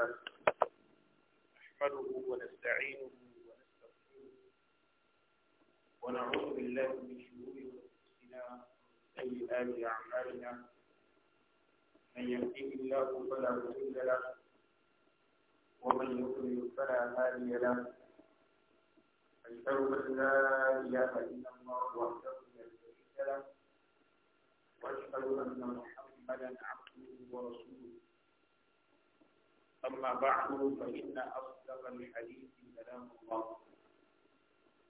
الله نحمده ونستعينه ونستغفره ونعوذ بالله من شرور انفسنا سيئات اعمالنا من يهده الله فلا مضل له ومن يضلل فلا هادي له أشهد أن لا إله إلا الله وحده لا شريك له وأشهد أن محمدا عبده ورسوله أما بعد فإن أصدق الحديث كلام الله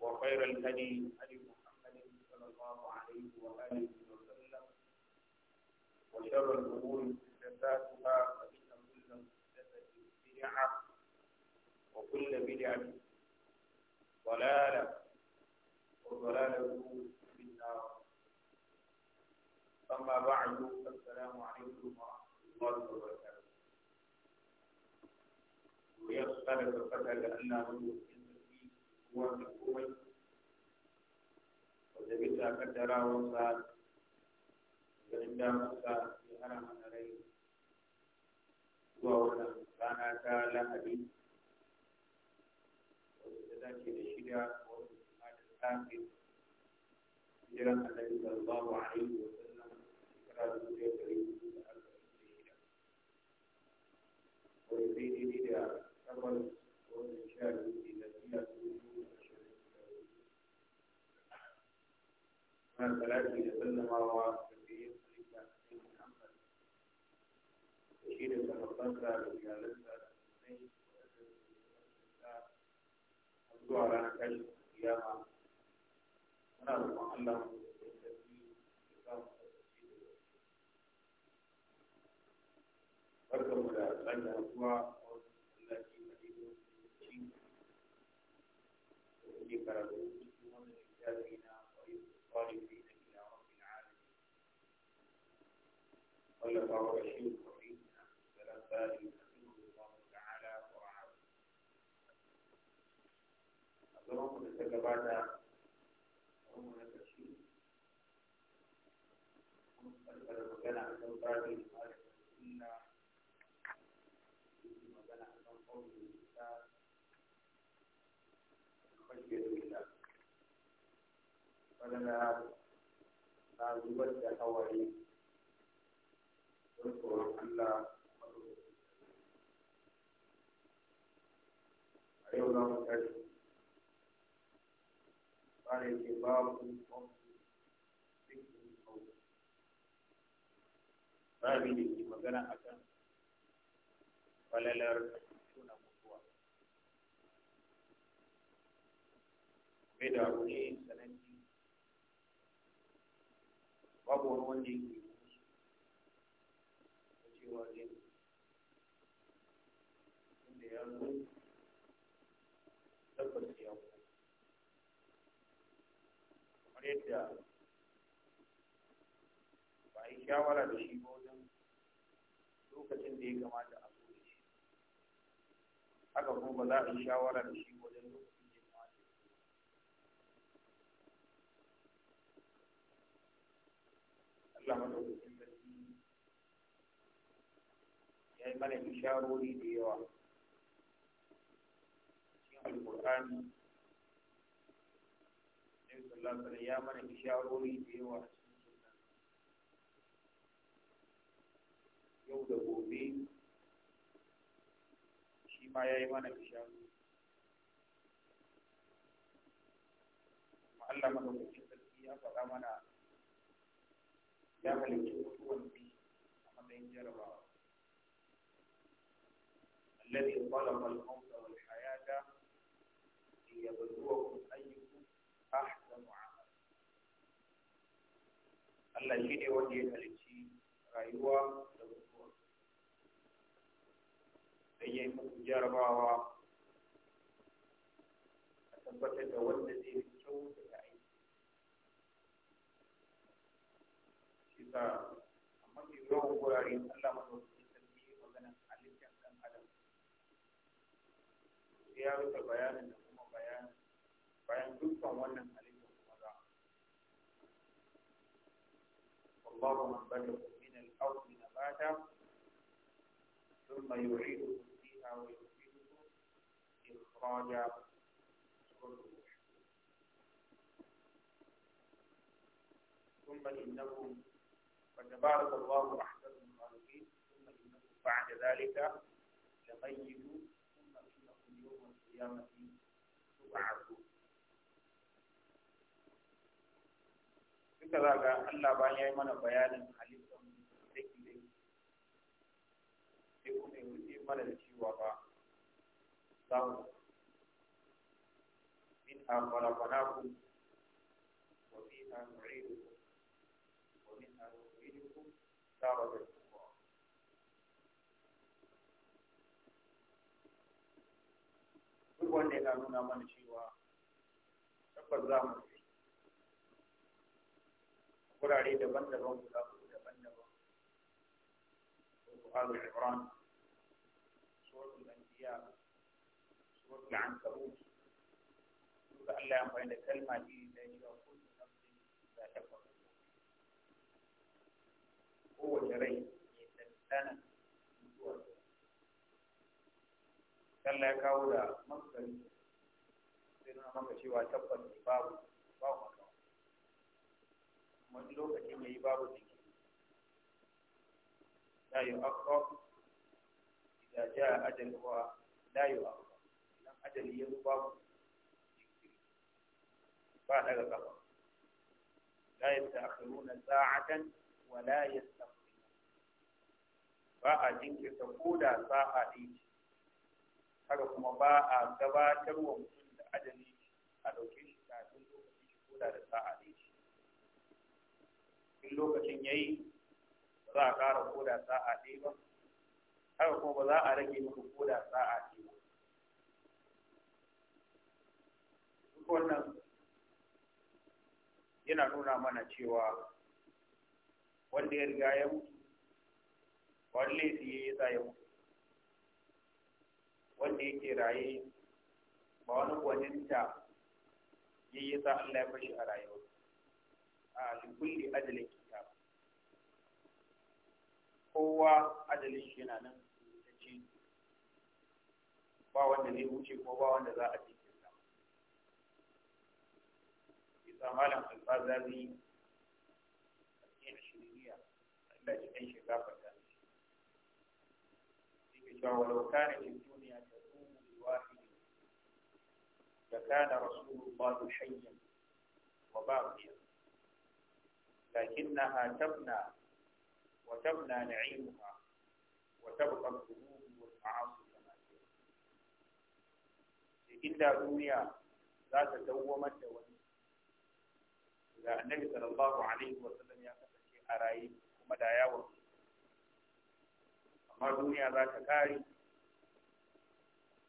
وخير الهدي هدي محمد صلى الله عليه وآله وسلم وشر الأمور محدثاتها فإن كل محدثة بدعة وكل بدعة ضلالة وضلالة في النار أما بعد فالسلام عليكم ورحمة الله وبركاته قال فقد لأنه هو تقوي وجبت قدر وصاد فإن موسى لأرم عليه وأولا كان قال حديث وجدت لشدة وجدت الآخر جرم النبي صلى الله عليه وسلم ذكر ذريته ويزيد إلى الخلق والإنشاء من ثلاثة يتسلم على كثير خليفة حسين محمد تشير تخططها بجالسها أبدو على نكاش القيامة أنا المعلم بركة مدى أسعد أبوها خلف وبشير وحيد ثلاث منه الله تعالى ورعاه الزمن قد تجبعنا ومن التشير وكان عن الباقي مالك السنة وكان عن القول بالإسلام خشية بالله فلنا لا يبدأ حواليه tsoron Allah a yau za mu tashi tsare ke babu babi da ke magana a falalar tuna mutuwa bai da shawara da shi ba wajen lokacin da ya kamata a zo da shi haka kuma ba za a yi shawara da shi wajen lokacin da ya kamata a Allah madaukakin sarki ya yi mana bisharori da yawa cikin alkur'ani Nabi sallallahu alaihi wasallam ya mana bisharori da yawa yau da gobe shi ma ya yi mana bishara Allah madaukakin sarki ya faɗa mana ya halicci mutuwan bi a matsayin jarabawa. Allazi khalaqa al ne ya hayata liyabluwakum ayyukum ahsanu amala. Allah shi ne wanda ya halicci rayuwa suka yi musu jarabawa a tabbatar da wanda zai fi kyau da aiki shi sa a mafi yawan wurare Allah madaukakin sarki maganar halittar ɗan adam ya rufe bayanin da kuma bayanin bayan dukkan wannan halittar kuma za wallahu man bada min al-ardh nabata ثم يعيده إخراج ثم إنه فتبارك الله أحسن الخالقين ثم إنه بعد ذلك لميت ثم إنكم يوم القيامة تبعثون duka za ga Allah bayan ya yi mana bayanin halittar daki da sai kuma yi خلقناكم وفيها نعيدكم ومنها نخرجكم تارة أخرى duk wanda yana nuna mana cewa tabbas za mu fi wurare daban-daban guda daban-daban Al Imran, Suratul Anbiya, Suratul Ankabut, duka Allah ya amfani da kalma ne da cewa kullu nafsin za ta faru kowace rai ya tantana mutuwar Allah ya kawo da makari sai nuna maka cewa tabbas ne babu babu makawa wani lokacin ya yi babu jiki la yu'akhkhar idza jaa ajaluha la yu'akhkhar idan ajali ya zo babu ba daga kafa la yasta'khiruna sa'atan wa la yastaqbiluna ba a jinkirta koda sa'a ɗaya har kuma ba a gabatar wa mutum da ajali a ɗauke shi kafin lokacin shi koda da sa'a ɗaya in lokacin yayi ba za a ƙara koda sa'a ɗaya ba har kuma ba za a rage maka koda sa'a ɗaya ba duk wannan yana nuna mana cewa wanda ya riga ya mutu wani laifi ya sa ya mutu wanda ke raye ba wani gwaninta ya yi sa Allah ya bashi a rayuwa a likulli ajalin kitab kowa ajalin shi yana nan ba wanda zai wuce ko ba wanda za a ci sa malam alfazazi a cikin shirya Allah ya kai shiga fata yake cewa walau kana fi duniya ta kuma liwahi da kana su hayyan wa baqiya na tabna wa tabna na'imuha wa tabqa al-dhunub wal ma'asi kama inda duniya za ta dawwamar da wani da annabi sallallahu alaihi wa sallam ya kasance a raye kuma da yawa amma duniya za ta kare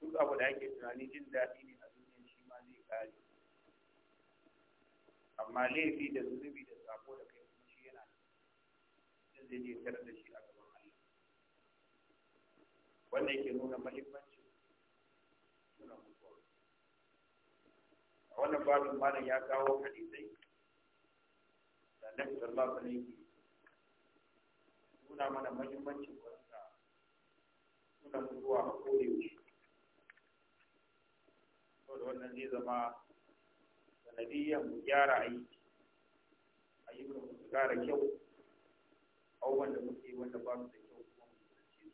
duk abu da ake tunani jin daɗi ne a duniya shi ma zai kare amma laifi da zunubi da sako da kai kuma shi yana jin zai je tare da shi a gaban Allah wannan yake nuna muhimmanci nuna mutuwa a wannan babin malam ya kawo hadisai annabi sallallahu alaihi wasallam nuna mana mahimmancin wasa suna zuwa a kodayaushe saboda wannan zai zama sanadiyyar mu gyara aiki ayyukan mu su ƙara kyau abubuwan da muke wanda ba su da kyau kuma mu kusance su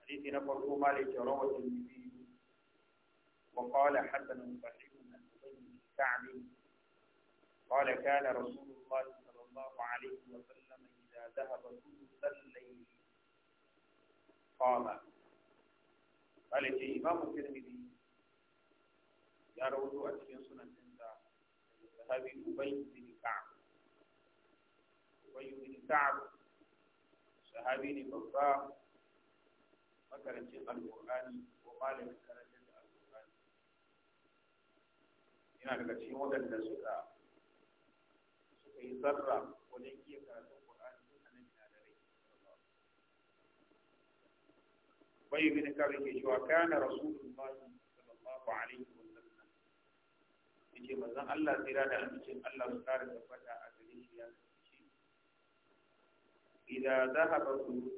hadisi na farko malik rawatun bibi wa qala hasan sahihun an-nabi قال كان رسول الله صلى الله عليه وسلم إذا ذهب ثلث الليل قام قال في إمام الترمذي يا روضو أتكين سنة هذه أبي بن كعب أبي بن كعب sahabi ne babba makarancin alƙur'ani ko malamin karatun alƙur'ani yana daga cikin waɗanda suka suka yi zarra wajen iya karatun Qur'ani sun annabi na da rai bai bin kare ke cewa kana rasulullahi sallallahu alaihi wa sallam yace manzon Allah tsira da amincin Allah su kare tabbata a gare shi ya ce idan zahaba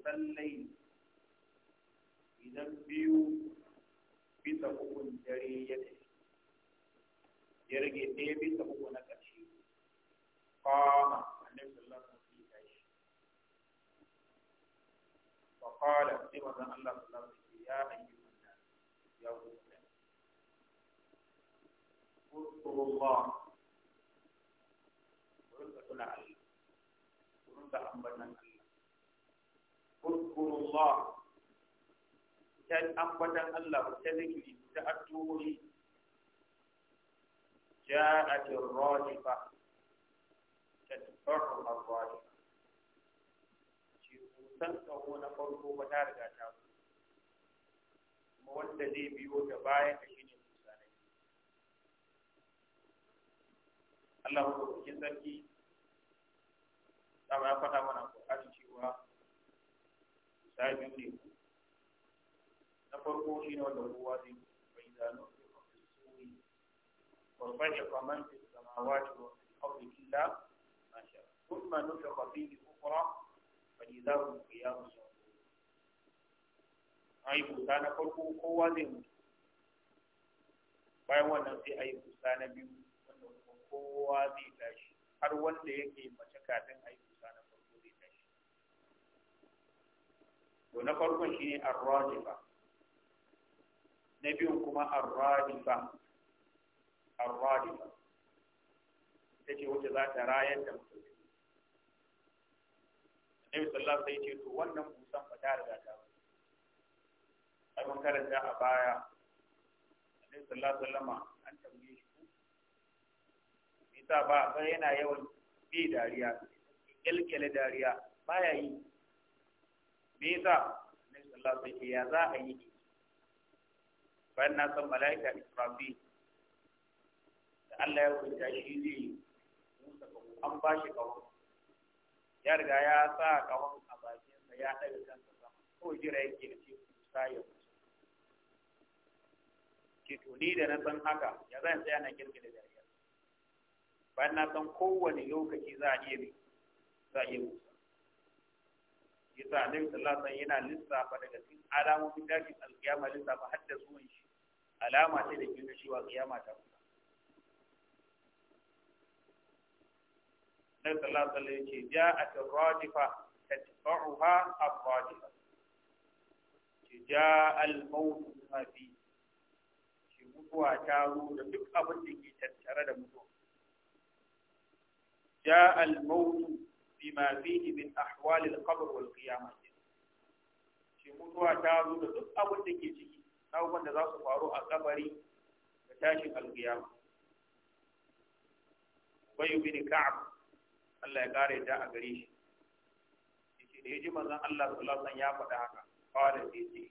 sallai idan biyu bisa ukun dare ya tafi ya rage ɗaya bisa uku na ƙarshe فقام النبي الله في وسلم وقال سوى الله الله في يا أيها الناس يا مسلم اذكروا الله ورزقنا الله ورزق أنبنا الله اذكروا الله كان ambatan Allah ta zikiri ta addu'o'i تتبعها الراجعة san tsawo na farko ba ta riga ta kuma wanda zai biyo da bayan da shi ne musa na biyu Allah ko cikin sarki dama ya faɗa mana ƙoƙarin cewa musa biyu ne na farko shi zai bai ba ثم نفخ فيه أخرى فإذا هم قيام ai busa na farko kowa zai mutu bayan wannan sai a yi busa na biyu wanda kuma kowa zai tashi har wanda ya yake mace kafin a yi busa na farko zai tashi to na farkon shi ne arrajifa na biyun kuma arrajifa arrajifa ita ce wata za ta rayar ta mutum Nabi sallallahu alaihi wasallam ce to wannan busan fa ta riga ta ai mun karanta a baya Nabi sallallahu alaihi wasallam an tambaye shi me ta ba ga yana yawan bi dariya kelkele dariya baya yi me yasa Nabi sallallahu alaihi wasallam ya za a yi bayan na san mala'ika Israfil da Allah ya hukunta shi zai an ba shi kawo ya riga ya sa kawon a bakinsa ya ɗaga kansa sama ko jira yake da ce kusa ya kusa ce to ni da na san haka ya zan tsaya na da dariya bayan na san kowane lokaci za a iya bi za a iya kusa yasa annabi sallallahu alaihi yana lissafa daga cikin alamomin tashin alkiyama lissafa har da zuwan shi alama ce da ke nuna cewa kiyama ta kusa na sallallahu alaihi ce a ja'at radifa tatba'uha a radifa ce ja'a al-maut ma fi ce mutuwa ta zo da duk abin da ke tattare da mutuwa ja'a al-maut bima fihi min ahwal al-qabr wal qiyamah ce mutuwa ta zo da duk abin da ke ciki abubuwan da za su faru a kabari da tashin al-qiyamah Ubay bin Ka'ab Allah ya kare ta a gare shi yace da yaji manzon Allah sallallahu alaihi ya faɗa haka qala yace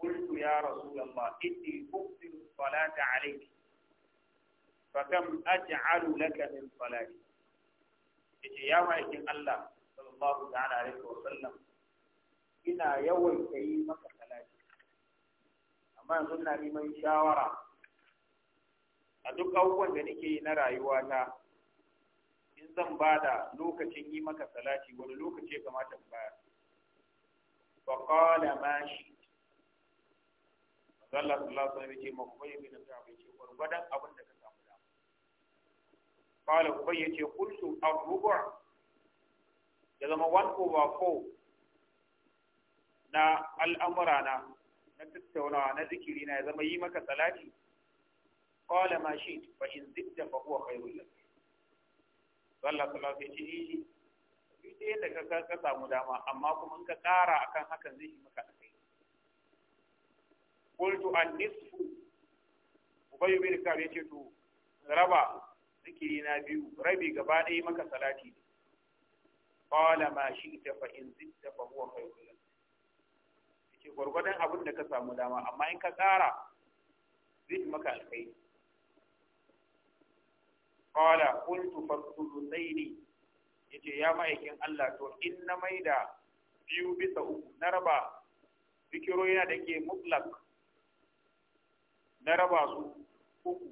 qultu ya rasulullah inni uqsiru salata alayki fakam aj'alu laka min salati yace ya ma'aikin Allah sallallahu ta'ala alaihi wa sallam ina yawan kai maka salati amma yanzu na neman shawara a duk abubuwan da nake yi na rayuwata in zan ba da lokacin yi maka salati wani lokaci ya kamata in bayar fa qala ma shi Allah sallallahu alaihi wasallam ya ce ma Ubay bin Ka'ab ya ce abin da ka samu da qala Ubay ya ce qultu ar-rubu' ya zama 1 over 4 na al'amura na na tattaunawa na zikiri na ya zama yi maka salati qala ma shi fa in zidda fa huwa khairul lak Allah sallallahu alaihi wasallam sai ce yadda eh, ka ka samu dama amma kuma in ka ƙara akan hakan zai yi maka akai qultu an nisfu ubay bin ya ce to raba zikiri na biyu rabi gaba ɗaya maka salati ne qala ma shi'ta fa in zidta fa huwa khayrun lak yace gwargwadon abin da ka samu dama amma in ka ƙara zai yi maka alkhairi qala qultu fasulusaini ne ya ce ya ma'aikin Allah to in na maida biyu bisa uku na raba zikiro yana da ke mutlak na raba su uku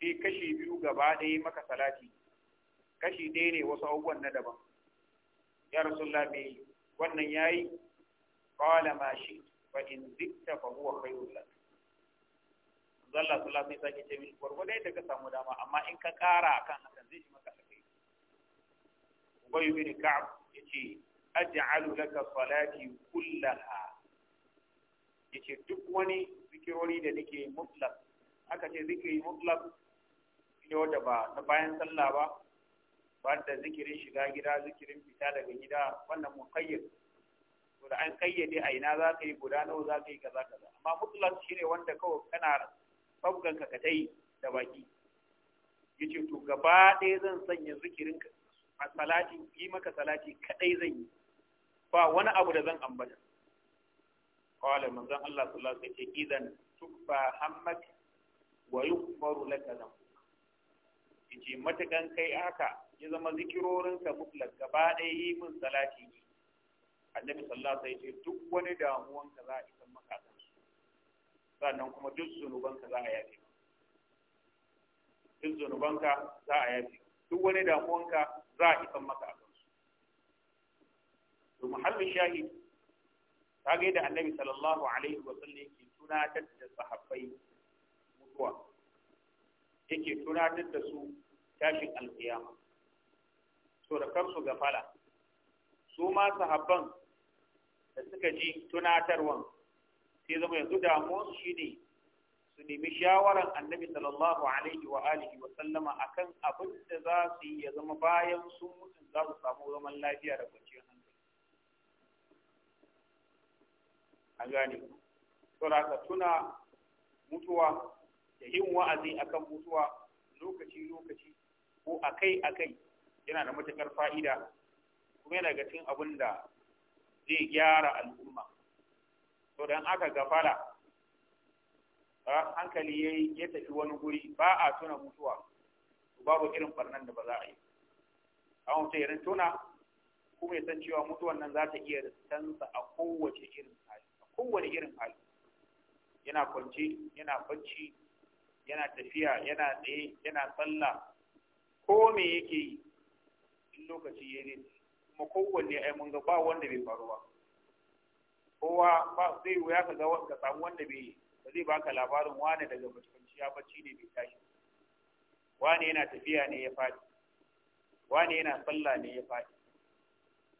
sai kashi biyu gaba ɗaya maka salati kashi ɗaya ne wasu abubuwan na daban ya rasulullah me wannan ya yi? Kala ma shi fa in zikta fa huwa khairul zalla sallah sai sake ce min gwargwadai da ka samu dama amma in ka kara akan hakan zai shi maka alkhairi ubayu bin ka'ab yace aj'alu laka salati kullaha yace duk wani zikirori da nake mutlaq aka ce zikiri mutlaq ne wanda ba ta bayan sallah ba ba da zikirin shiga gida zikirin fita daga gida wannan muqayyad to da an kayyade a ina za ka yi guda nawa za ka yi kaza kaza amma mutlaq shine wanda kawai kana sabgan ka kai da baki yace to gaba ɗaya zan sanya zikirin ka a salati yi maka salati kadai zan yi ba wani abu da zan ambata qala manzon Allah sallallahu alaihi wasallam idan tukfa hammak wa yukbaru laka dhanbuk yace matakan kai haka ya zama ka, mutlak gaba ɗaya yi min salati ne annabi sallallahu alaihi wasallam duk wani ka za a isa sannan kuma duk zunubanka za a yafe duk zunubanka za a yafe duk wani damuwanka za a isan maka a kansu to muhallin shahid ta ga da annabi sallallahu alaihi wa sallam yake tunatar da sahabbai mutuwa yake tunatar da su tashin alkiyama so da kansu gafala su ma sahabban da suka ji tunatarwansu sai zama yanzu shi ne su nemi shawarar annabi sallallahu alaihi wa alihi wa sallama akan abin da za su yi ya zama bayan sun mutu za su samu zaman lafiya da kwanciyar hankali A gane saboda tuna mutuwa da yin wa'azi akan mutuwa lokaci lokaci ko akai akai yana da matukar fa'ida kuma yana ga cikin abin da zai gyara al'umma to dan aka gafala hankali yayi ya tafi wani guri ba a tuna mutuwa babu irin barnan da ba za a yi an wuce irin tuna kuma ya san cewa mutuwan nan za ta iya ristansa a kowace irin hali a kowane irin hali yana kwanci, yana bacci yana tafiya yana tsaye yana sallah ko me yake yi in lokaci ya ne kuma kowanne ai mun ga ba wanda bai faru ba kowa ba zai wuya ka ga ka samu wanda bai ba zai baka labarin wane daga ya bacci ne bai tashi wane yana tafiya ne ya faɗi wane yana sallah ne ya faɗi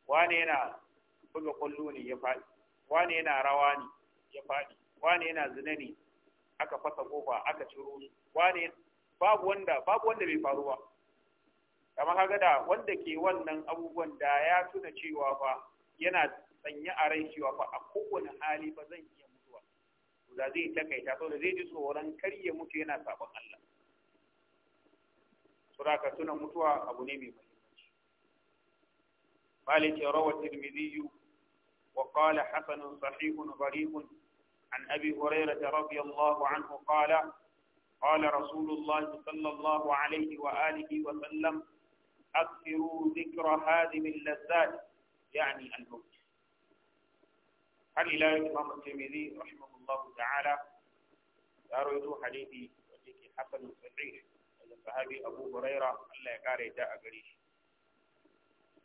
wane yana buga kwallo ne ya faɗi wane yana rawa ne ya faɗi wane yana zina ne aka fasa kofa aka ciro su wane babu wanda babu wanda bai faru ba amma kaga da wanda ke wannan abubuwan da ya tuna cewa fa yana sanya a rai cewa fa a kowane hali ba zan iya mutuwa da zai takaita da zai ji tsoron kar ya mutu yana sabon Allah suraka tuna mutuwa abu ne mai muhimmanci malik rawa tirmidhi wa qala hasan sahih gharib an abi hurairah radiyallahu anhu qala qala rasulullah sallallahu alaihi wa alihi wa sallam أكثروا ذكر هذه اللذات يعني الموت har ila imam al-tirmidhi rahimahullahu ta'ala ya rawaito hadisi wanda ke hasan sahih daga sahabi Abu Huraira Allah ya kare da a gare shi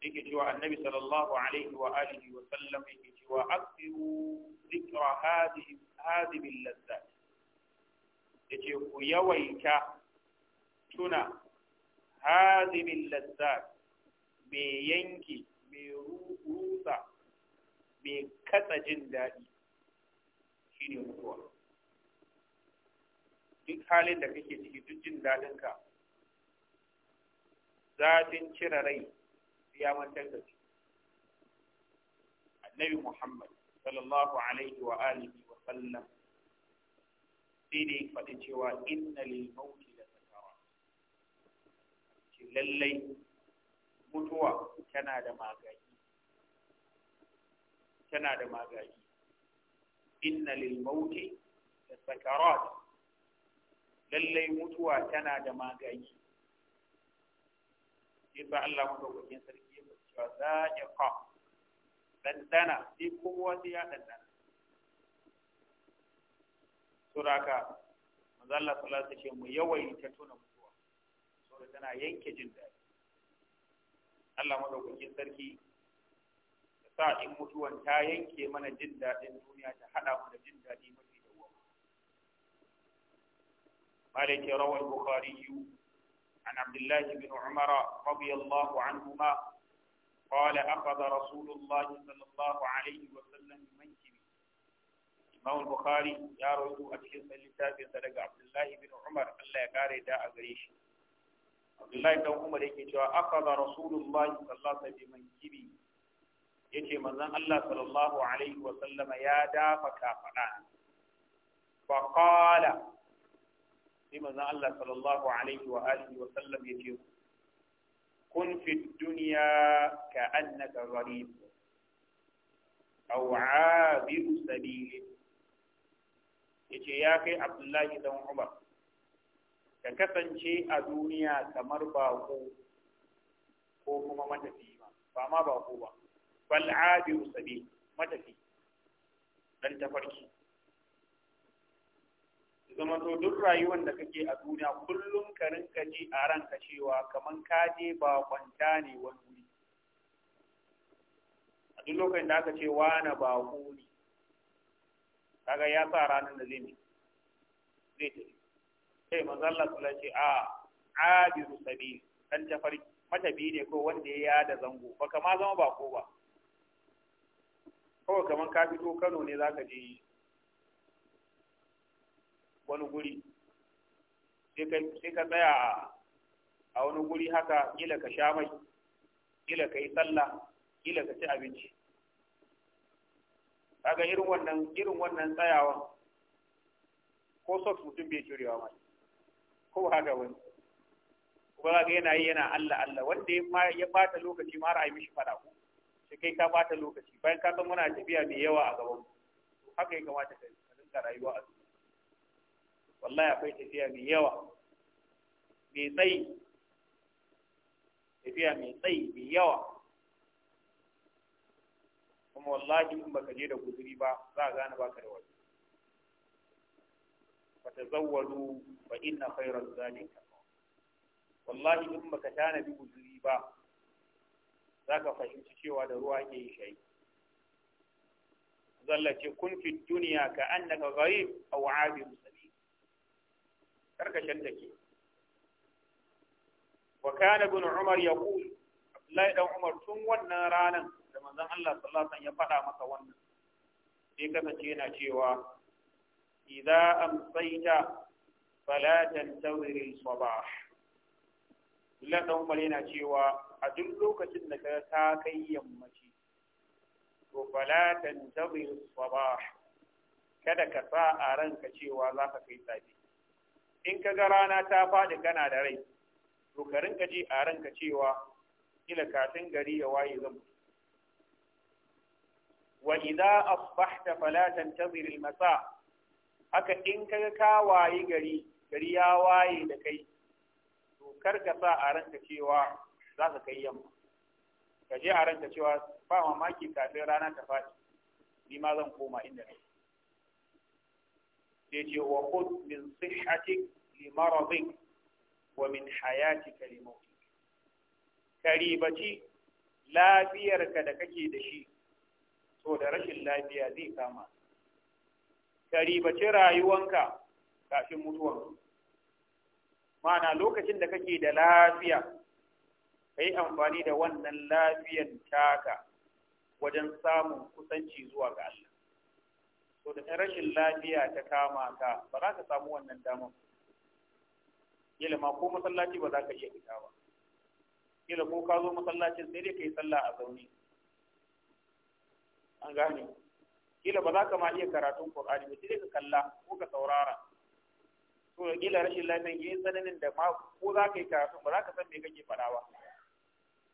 yake cewa annabi sallallahu alaihi wa alihi wa sallam yake cewa aksiru zikra hadhihi hadhihi yace ku yawaita tuna hadhihi al me yanki me Me katsa jin daɗi ne mutuwa duk halin da kake ciki duk jin daɗinka zafin cire rai ya mantar da shi annabi muhammad sallallahu alaihi wa alihi wa sallam sai da ya faɗi cewa inna lil mauti la sakara lallai mutuwa tana da magani tana da magagi inna lil mauti da sakarat lallai mutuwa tana da magagi yasa Allah madaukakin sarki ya faɗi cewa za'iqa dandana sai kowa sai ya dandana suraka manzo Allah sallallahu alaihi wasallam mu ta tuna mutuwa saboda tana yanke jin daɗi Allah madaukakin sarki sa in mutuwan ta yanke mana jin daɗin duniya ta haɗa mu da jin daɗi mafi dawwama malike rawal bukhari عن عبد الله بن عمر رضي الله عنهما قال أخذ رسول الله صلى الله عليه وسلم منكبي إمام البخاري يا رجل أتكلم لتابع صدق عبد الله بن عمر الله يقاري دا shi. Abdullahi dan Umar yake cewa aqada Rasulullahi sallallahu alaihi wasallam kimi. yace manzon Allah sallallahu alaihi wa sallama ya dafa kafada fa qala sai manzon Allah sallallahu alaihi wa alihi wa sallam yace kun fi dunya ka annaka gharib aw aabir sabil yace ya kai Abdullahi dan Umar ka kasance a duniya kamar bako ko kuma matafi ba ma bako ba fal abiru متفي matafi dan tafarki zama to duk rayuwar da kake a duniya kullum ka rinka ji a ranka cewa kaman ka je ba kwanta ne wani wuri a duk lokacin da aka ce wani ba ne kaga ya sa ranar da zai ne zai tafi sai mazalla sula ce a ah, abiru sabi dan tafarki matabi ne ko wanda ya yada zango ba kama zama ko ba kawai kamar ka fito kano ne za ka je wani guri sai ka tsaya a wani guri haka gila ka sha mai gila ka yi tsalla gila ka ci abinci daga irin wannan irin wannan tsayawa ko socks mutum bai curewa mai ko haka wani kuma ga yana yi yana Allah Allah wanda ya bata lokaci a yi mishi fada ko sai kai ka bata lokaci bayan ka san muna tafiya mai yawa a gaban haka ya kamata ka dinga rayuwa a duniya wallahi akwai tafiya mai yawa mai tsayi tafiya mai tsayi mai yawa kuma wallahi in baka je da guzuri ba za a gane baka da wani fatazawwalu fa inna khayra zalika wallahi in baka tana bi guzuri ba za ka fahimci cewa da ruwa ke yi shayi zallace kun fi duniya ka annaka gharib aw abir sabil karkashin take wa kana ibn umar yaqul abdullahi dan umar tun wannan ranan da manzon Allah sallallahu ya faɗa masa wannan sai kasance yana cewa idza amsayta fala tantawir al-sabah Abdullahi dan Umar yana cewa a duk lokacin da ka ta kai yammaci to fala tantabi sabah kada ka sa a ranka cewa za ka kai safe in ka ga rana ta faɗi kana da rai to ka rinka ji a ranka cewa kila kafin gari ya waye zan wa idza asbahta fala tantabi al masa haka in kaga ka waye gari gari ya waye da kai kar ka sa a ranka cewa za ka kai yamma ka je a ranka cewa ba mamaki kafin rana ta faɗi ni ma zan koma inda ne sai ce wa khud min sihhatik li maradik wa min hayatika li ka ribaci lafiyarka da kake da shi so da rashin lafiya zai kama ka ribaci rayuwanka kafin mutuwanka ma'ana lokacin da kake da lafiya ka yi amfani da wannan lafiyan taka wajen samun kusanci zuwa ga Allah so da rashin lafiya ta kama ka ba za ka samu wannan damar ilima ko masallaci ba za ka iya fita ba kila ko ka zo masallacin sai dai ka yi sallah a zaune an gane Yalla ba za ka ma iya karatun qur'ani ba sai dai ka kalla ko ka saurara to gila rashin lafiyan yi tsananin da ma ko za ka yi karatu ba za ka san me kake faɗa ba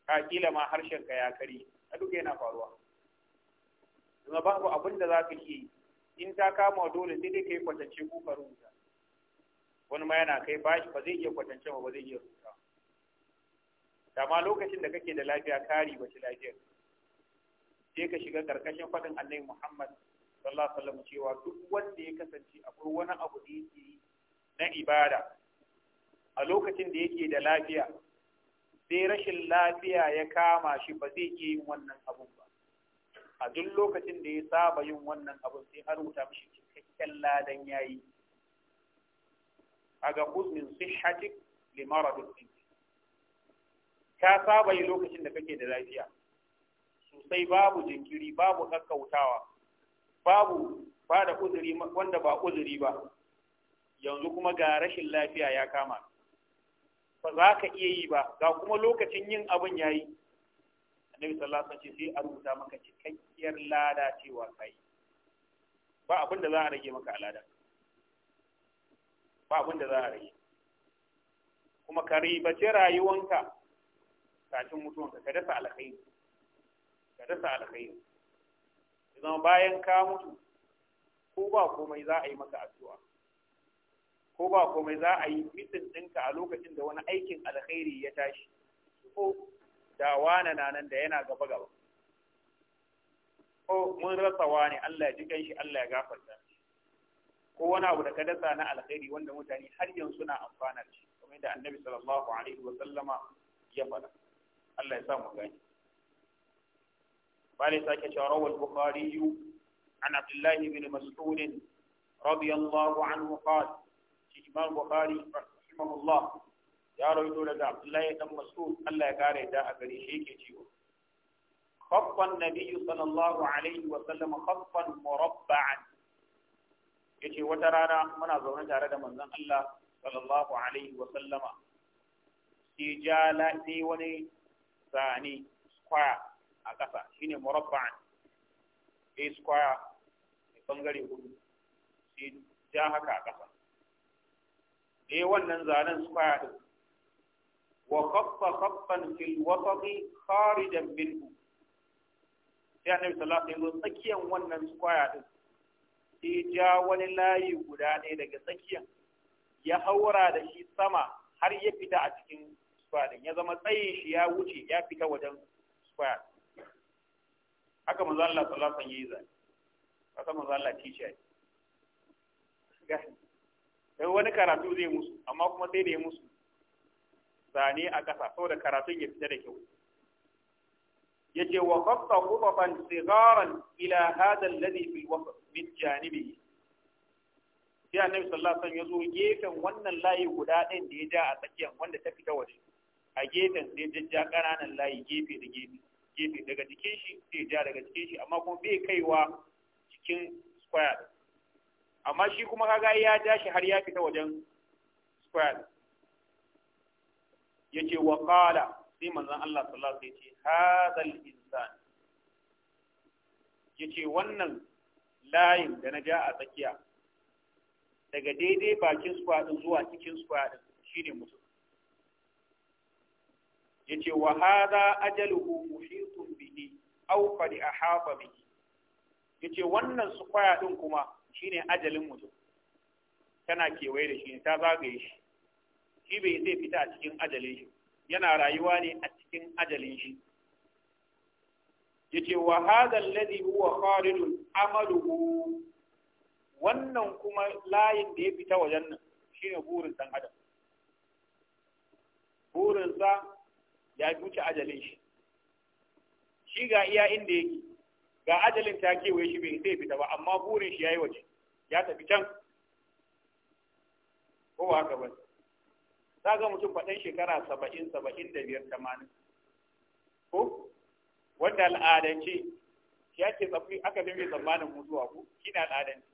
ka kila ma harshen ka ya kari a duk yana faruwa kuma babu abin da za ka yi in ta kama dole sai dai ka yi kwatance ko ka rubuta wani ma yana kai bashi ba zai iya kwatance ba ba zai iya rubuta da ma lokacin da kake da lafiya kari ba shi lafiyar sai ka shiga karkashin faɗin annabi Muhammad sallallahu alaihi wasallam cewa duk wanda ya kasance akwai wani abu da yake yi na ibada a lokacin da yake da lafiya sai rashin lafiya ya kama shi ba zai iya yin wannan abun ba a duk lokacin da ya saba yin wannan abun sai har wuta mishi cikakken ladan yayi aga ga min sihhatik li maradik ka saba yi lokacin da kake da lafiya sosai babu jinkiri babu kakkautawa babu ba da uzuri wanda ba uzuri ba yanzu kuma ga rashin lafiya ya kama ba za ka iya yi ba ga kuma lokacin yin abin ya yi annabi sallallahu alaihi wasallam sai a rubuta maka cikakkiyar lada cewa kai ba abin da za a rage maka alada ba abin da za a rage kuma ka ribace rayuwanka kafin mutuwanka ka dasa alkhairi ka dasa alkhairi idan bayan ka mutu ko ba komai za a yi maka addu'a ko ba komai za a yi mitin ɗinka a lokacin da wani aikin alkhairi ya tashi ko da wane na nan da yana gaba gaba ko mun rasa wane Allah ya ji kanshi Allah ya gafarta ko wani abu da ka dasa na alkhairi wanda mutane har yanzu suna amfana da shi kamar da annabi sallallahu alaihi wa sallama ya faɗa Allah ya sa mu gani bale sake cewa rawal bukhari an abdullahi bin mas'ud radiyallahu anhu qala Imam Bukhari rahimahullah ya rawaito daga Abdullahi dan Mas'ud Allah ya kare da a gare shi yake cewa خف النبي صلى الله عليه وسلم خفا مربعا yace wata rana muna zaune tare da manzon Allah sallallahu alaihi wa sallama sai jala sai wani zane square a ƙasa shine murabba'an a square mai bangare hudu sai ja haka a ƙasa da eh, wannan zanen square ɗin. wa khaffa khaffan fil wasati kharijan minhu sai annabi sallallahu alaihi wasallam tsakiyan wannan square din sai ja wani layi guda ne daga tsakiyan ya haura da shi sama har ya fita a cikin square din ya zama tsayin shi ya wuce ya fita wajen square haka manzo Allah sallallahu alaihi wasallam yayi zai haka manzo Allah tice gashi sai wani karatu zai musu amma kuma sai da ya musu zane a ƙasa sau da karatun ya fita da kyau Ya ce wa qatta qutatan sigaran ila hadha alladhi fil wasf janibi janibihi sai annabi sallallahu alaihi wasallam gefen wannan layi guda ɗin da ya ja a tsakiyar wanda ta fita waje a gefen sai jajja ƙananan layi gefe da gefe gefe daga jikin shi sai ja daga jikin shi amma kuma bai kaiwa cikin square amma shi kuma kaga ya ja shi har ya fita wajen square yace wa qala sai manzon Allah sallallahu alaihi wasallam yace hadal insan yace wannan layin da na ja a tsakiya daga daidai bakin square din zuwa cikin square din shine mutum yace wa hadha ajaluhu muhitun bihi aw qad ahata bihi yace wannan square din kuma shine ajalin mutum tana kewaye da shi ta zagaye shi shi bai zai fita a cikin ajalin shi yana rayuwa ne a cikin ajalin shi yace wa hadha alladhi huwa kharijun amaluhu wannan kuma layin da ya fita wajen nan shine burin dan adam burinsa ya wuce ajalin shi shi ga iya inda yake ga ajalin ta kewaye shi bai sai fita ba amma burin shi yayi waje ya tafi can ko ba haka ba za ga mutum faɗin shekara saba'in saba'in da biyar tamanin ko wanda al'adance ya ce tsafi aka fi mai tsammanin mutuwa ko shi ne al'adance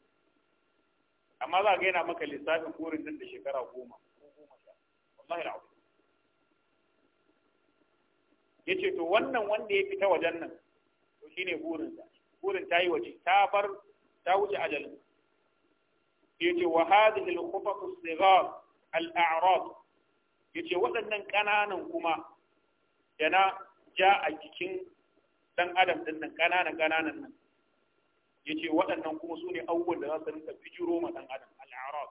amma za ga yana maka lissafin burin nan da shekara goma ko goma sha wallahi al'adu ya ce to wannan wanda ya fita wajen nan shine burinsa burin ta yi waje ta bar ta wuce ajalin ce wa hadhihi al-khufat as-sighar al-a'rad ce waɗannan ƙananan kuma da na ja a jikin dan adam din nan ƙananan ƙananan nan ce waɗannan kuma su ne abubuwan da za su rinka bijiro ma dan adam al-a'rad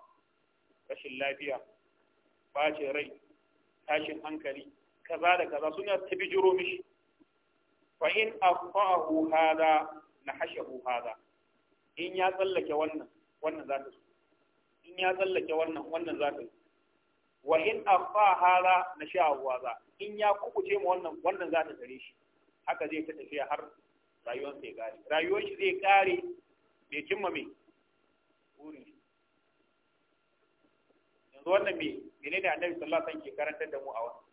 rashin lafiya bace rai tashin hankali kaza da kaza suna ta bijiro mishi fa in afqahu na nahashahu hada in ya tsallake wannan wannan za ta in ya tsallake wannan wannan za ta wa in afa hada nashahu hada in ya kubuce mu wannan wannan za ta tare shi haka zai ta tafiya har rayuwar sai gare rayuwar shi zai kare me cimma me burin shi yanzu wannan me menene annabi sallallahu alaihi wasallam ke karantar da mu a wannan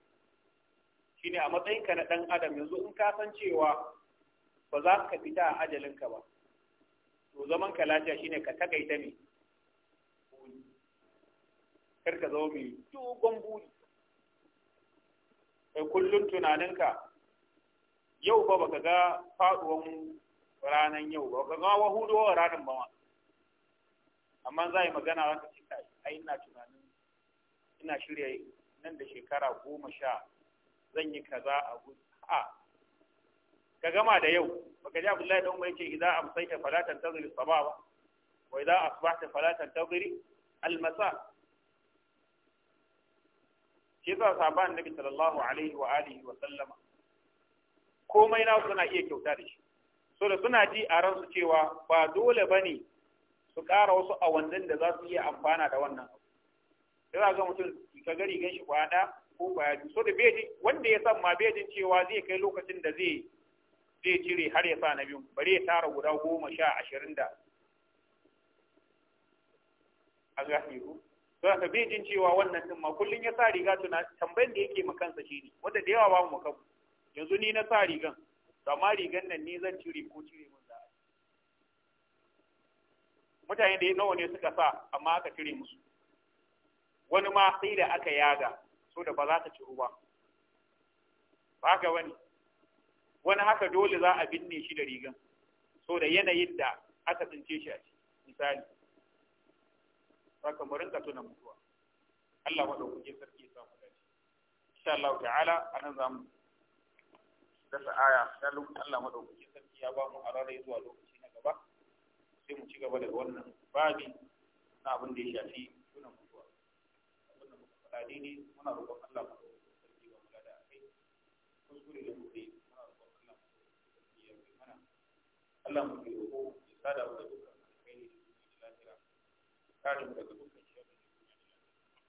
shine a matsayinka na ɗan adam yanzu in ka san cewa ba za ka fita a ajalinka ba to zaman ka lafiya shine ka takaita ne kar ka zama mai dogon buri kai kullum tunaninka yau ba baka ga faɗuwan ranan yau ba baka ga wahudowar ranan ba amma za yi magana za ka ce ai ina tunanin ina shirya nan da shekara goma sha zan yi kaza a gudu a ka gama da yau baka ji abdullahi dan umar yake idan amsaita fala tantazir sabah ba wa idan asbahta fala tantazir almasa shi yasa sahaban nabi sallallahu alaihi wa alihi wa sallama komai na suna iya kyauta da shi so da suna ji a ransu cewa ba dole bane su ƙara wasu awannin da za su iya amfana da wannan abu sai ga mutum ka gari gan shi kwana ko ya ji. so da bejin wanda ya san ma bejin cewa zai kai lokacin da zai zai cire har ya sa na bare ya tara guda goma sha ashirin da a gafi ku to bejin cewa wannan din ma kullun ya sa riga tuna tambayin da yake ma kansa shine wanda da yawa ba mu kanmu yanzu ni na sa rigan to amma rigan nan ni zan cire ko cire mun za a mutane da nawa ne suka sa amma aka cire musu wani ma sai da aka yaga so da ba za ta ciro ba ba ga wani wani haka dole za a binne shi da rigan so da yanayin da aka tsince shi a ci. misali saka ka rinka tuna mutuwa Allah ke sarki ya samu dace insha Allah ta'ala nan za mu dasa aya Ya lokacin Allah madaukakin sarki ya ba mu arare zuwa lokaci na gaba sai mu ci gaba daga wannan babi na abin da ya shafi addini muna roƙon Allah mu sarki ba mu da akai kuskure da muke muna roƙon Allah mu sarki ya kai mana Allah mu ke roƙo ya sada mu da dukkan alkhairi da dukkan lafiya kare mu daga dukkan sharri da dukkan lafiya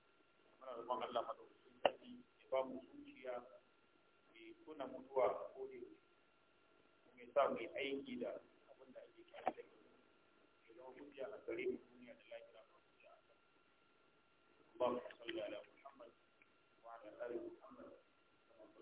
muna roƙon Allah mu sarki ya ba mu zuciya mai kuna mutuwa ko da mai sa mai aiki da abin da ake kira da ya zama hujja a gare mu duniya da lafiya ba mu Allah